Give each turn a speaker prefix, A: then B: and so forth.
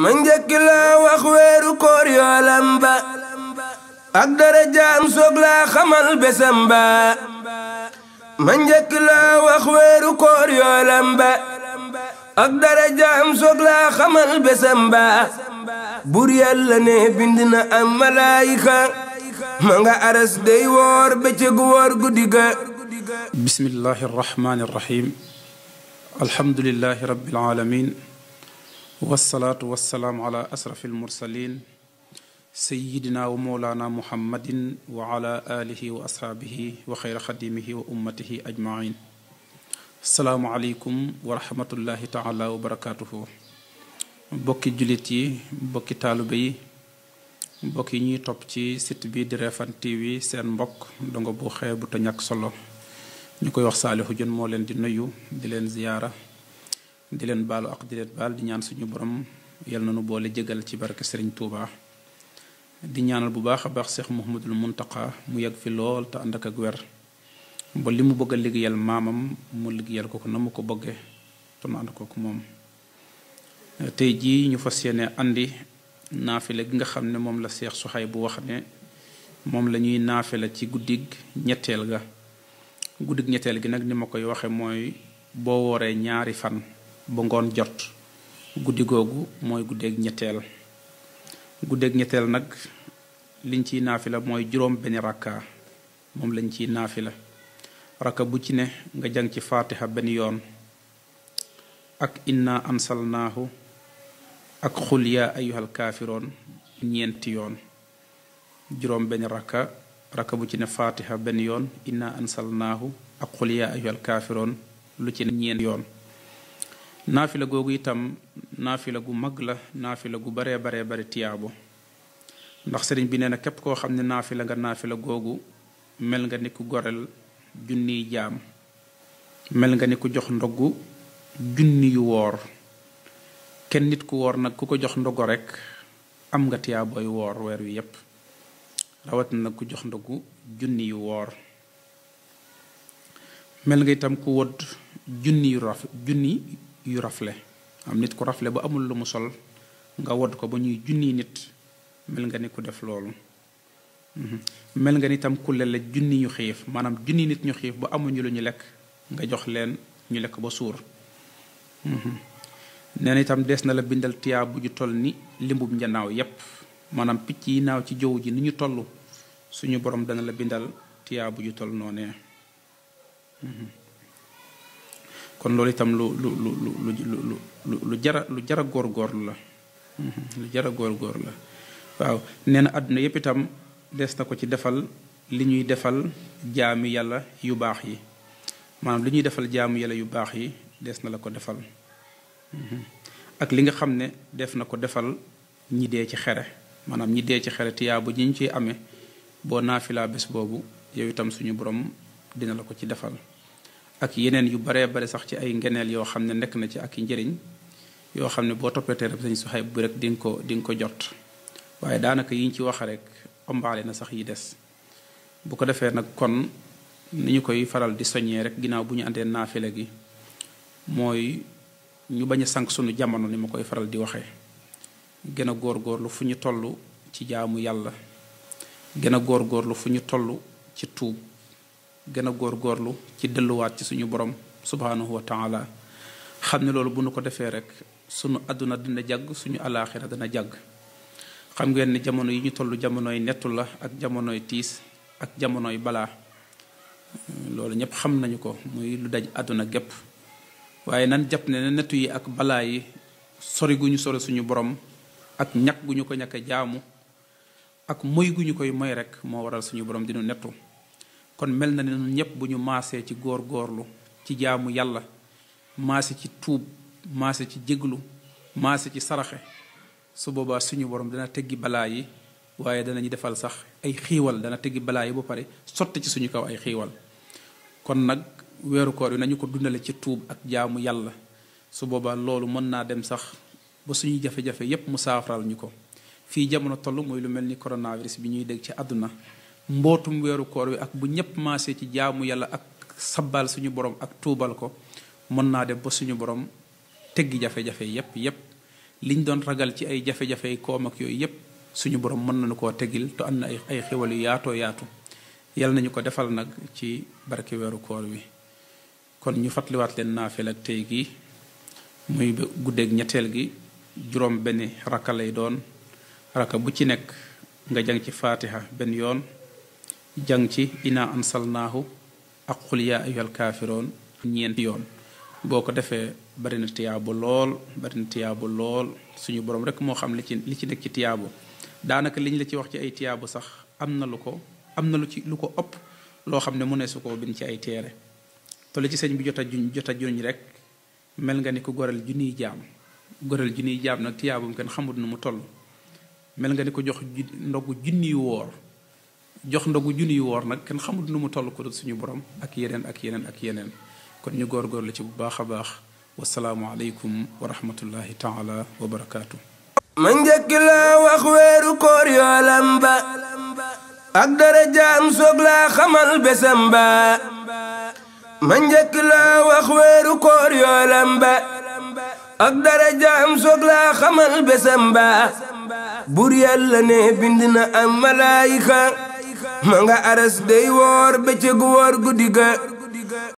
A: ma njëkk laa wax weeru koor yoolam ak dara jaam soog xamal besam bur yàlla ne bind na am malaayika ma aras day woor bëccëgu woor guddi ga bismillahi arrahmani arrahim alhamdulillahi rabbil والصلاة والسلام على أسرف المرسلين سيدنا ومولانا محمد وعلى آله وأصحابه وخير خديمه وأمته أجمعين السلام عليكم ورحمة الله تعالى وبركاته mbokki jullit yi mbokki taalibe yi mbokk yi ñuy topp ci site bi di Refane TV seen mbokk dongo bu xeebu te ñàkk solo ñu koy wax Saliou Dione moo leen di nuyu di leen ziyaara di leen baalu ak di leen baal di ñaan suñu borom yal na nu boole jégal ci barke sëriñ Touba. di ñaanal bu baax a baax seex Cheikh Mouhamadul Mountakha mu yàgg fi lool te ànd ak ak wer ba li mu bëgg a liggéeyal maamam mu liggéeyal ko ko na mu ko bëggee te mu ànd kooku moom. tey jii ñu fas yéene andi naafile gi nga xam ne moom la Cheikh Soxay bu wax ne moom lañuy naafe la ci guddig ñetteel ga guddig ñetteel gi nag ni ma koy waxe mooy boo wooree ñaari fan. bu ngoon jot guddi googu mooy guddeeg ñetteel guddeeg ñetteel nag liñ ciy naafila mooy juróom benn rakka moom lañ ciy naafila rakka bu ci ne nga jang ci faatiha benn yoon ak inna ansalnaahu ak xul yaa ñeenti yoon juróom benn rakka bu ci ne faatiha benn yoon inna ansalnaahu ak xul yaa ayyuhal kaafiroon lu ci ne ñeenti yoon naafila googu itam naafila gu mag la naafila gu baree baree bari tiyaabo ndax sëriñ bi nee na képp koo xam ne naafila nga naafila googu mel nga ni ku goreel junniy jaam mel nga ni ku jox ndoggu junni yu woor kenn nit ku woor nag ku ko jox ndogu rekk am nga tiyaabooy woor weer wi yépp rawat ku jox ndogu junni yu woor mel nga itam ku wodd junni yu raf junni yu rafle am nit ku rafle ba amul lu mu sol nga wodd ko ba ñuy junni nit mel nga ni ku def loolu mhm. mel nga ni tam kulle junni ñu xiif maanaam junni nit ñu xiif ba amuñu lu ñu lekk nga jox leen ñu lekk ba suur mhm. nee itam des na la bindal tiyaa bu ju toll ni limbub njanaaw yépp maanaam picc yi naaw ci jow ji ni ñu toll suñu borom dana la bindal tiyaa bu ju tol noonee mhm. kon loolu itam lu lu lu lu lu lu lu jara lu jara góorgóorlu la mhm, lu jara góorgóorlu la waaw nee àdduna yépp itam des na ko ci defal li ñuy defal jaami yàlla yu baax yi maanaam li ñuy defal jaamu yàlla yu baax yi des na la ko defal mhm. ak li nga xam ne def na ko defal ñi dee ci xere maanaam ñi dee ci xere tiyaabu ñi ñu ciy amee boo naafilaa bés boobu yow itam suñu borom dina la ko ci defal ak yeneen yu baree bare sax ci ay ngeneel yoo xam ne nekk na ci ak i njëriñ yoo xam ne boo toppeetee rek sañ soxay bu rek dinga nga ko di nga ko jot waaye daanaka yiñ ci wax rek ombaale na sax yi des bu ko defee nag kon ni ñu koy faral di soññee rek ginnaaw bu ñu àndee naafile gi mooy ñu bañ a sank sunu jamono ni ma koy faral di waxee gën góor góorgóorlu fu ñu tollu ci jaamu yàlla gën a góorgóorlu fu ñu toll ci tuub gën a góor góorlu ci delluwaat ci suñu borom subhaanahu wa taala xam ne loolu bu nu ko defee rek sunu àdduna dina jàgg suñu alaaxira dana jàgg xam ngeen ni jamono yi ñu tollu jamonoy nettu la ak jamonoy tiis ak jamonoy balaa loolu ñëpp xam nañu ko muy lu daj àdduna gépp waaye nan jàpp ne nettu yi ak balaa yi sori gu ñu sori suñu boroom ak ñàkk gu ñu ko ñàkk jaamu ak moy gu ñu koy moy rek moo waral suñu borom dinu nettu kon mel na ne ñun ñëpp bu ñu maasee ci góor góorlu ci jaamu yàlla maase ci tuub maase ci jéglu maase ci saraxe su boobaa suñu borom dana teggi balaa yi waaye danañu defal sax ay xiiwal dana teggi balaa yi ba pare sotti ci suñu kaw ay xiiwal kon nag weeru koor yi nañu ko dundale ci tuub ak jaamu yàlla su boobaa loolu mën naa dem sax ba suñuy jafe-jafe yépp mu saafaral ñu ko fii jamono toll muy lu mel ni coronavirus bi ñuy dégg ci àdduna mbootum weeru koor wi ak bu ñëpp maasé ci jaamu yàlla ak sabbaal suñu borom ak tuubal ko mën naa def ba suñu borom teggi jafe-jafe yépp yépp li ñ doon ragal ci ay jafe-jafey koom ak yooyu yépp suñu borom mën nañu koo tegil te am na ay xiwal yu yaatoo yaatu yàlla nañu ko defal nag ci barke weeru koor wi kon ñu fatliwaat leen naa fel ak tey gi muy guddeeg ñetteel gi juróom benn raka lay doon raka bu ci nekk nga jang ci fatiha benn yoon jàng ci ina ansalnaahu ak xul yaa ayyuhal kaafiroon ñeenti yoon boo ko defee bari na tiyaabu lool bari na tiyaabu lool suñu borom rek moo xam li ci li ci nekk ci tiyaabu daanaka liñ la ci wax ci ay tiyaabu sax am na lu ko am na lu ci lu ko ëpp loo xam ne mu ne su ko bind ci ay teere te ci sëñ bi jot a juñ jot a juñ rek mel nga ni ku goreel junniy jaam goreel junniy jaam nag tiyaabum kenn xamut nu mu toll mel nga ni ko jox ndogu junniy woor jox ndogu junni yu woor nag kenn xamul nu mu toll ko suñu borom ak yeneen ak yeneen ak yeneen kon ñu góorgóorlu ci bu baax a baax wasalaamu aleykum wa rahmatullahi taala wa barakaatu. ma njëkk laa wax weeru koor yoolam ba ak darajaam soog xamal besam bur yàlla ne bind am malaayika ma nga aras day woor bëccëg woor gu ga